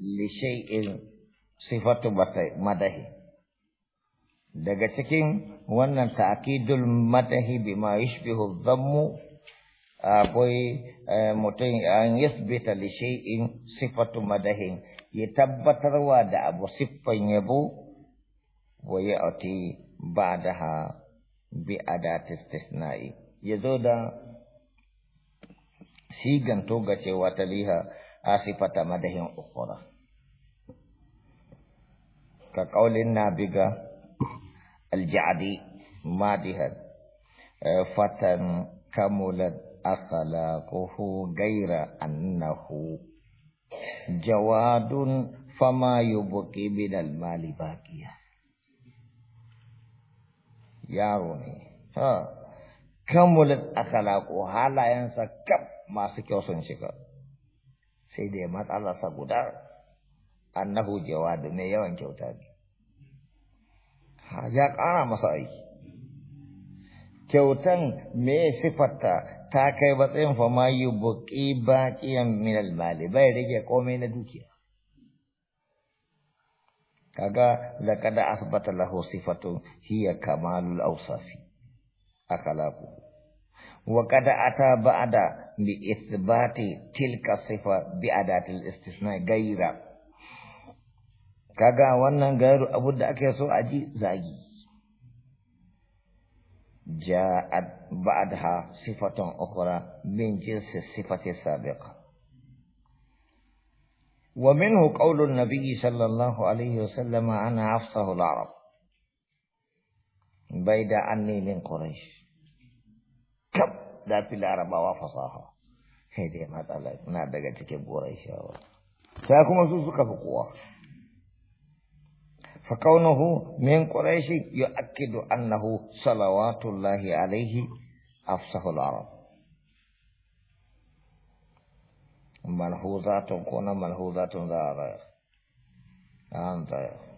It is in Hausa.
Lishayin sifatu madahi daga cikin wannan takidul madahi bima yashbihu dhammu akwai eh, mutum an yasbita lishayin sifatu madahi ya tabbatarwa da abu siffan yabo wa ya ati bi adati istisna'i ya zo da sigan gace cewa taliha asifata madahin ukura ka kaulin nabiga aljadi madihan fatan kamulat akhlaquhu gaira annahu jawadun fama yubqi min mali baqiya yaro ne ha kamulat akhlaqu halayensa kaf masu kyau sun shiga sai dai matsalarsa guda annahu da mai yawan kyauta ne ya ƙara masa aiki kyautan me sifarta ta kai matsayin fa ma yi buƙi baƙiyan minal mali bai rage komai na dukiya kaga laqad asbata lahu sifatun hiya kamalul a kalaku وقد أتى بعد بإثبات تلك الصفة بأداة الاستثناء غير كذا وانا غير أبو يسو أجي زاي جاءت بعدها صفة أخرى من جنس الصفة السابقة ومنه قول النبي صلى الله عليه وسلم أنا أفصح العرب بيد أني من قريش da fi larabawa fasaha sai dai matsala ina daga cikin burai shawa sai kuma su suka fi kowa fa min quraishi قريش يؤكد أنه صلوات الله عليه أفصح arab malhuzatun kuna malhuzatun ذا anta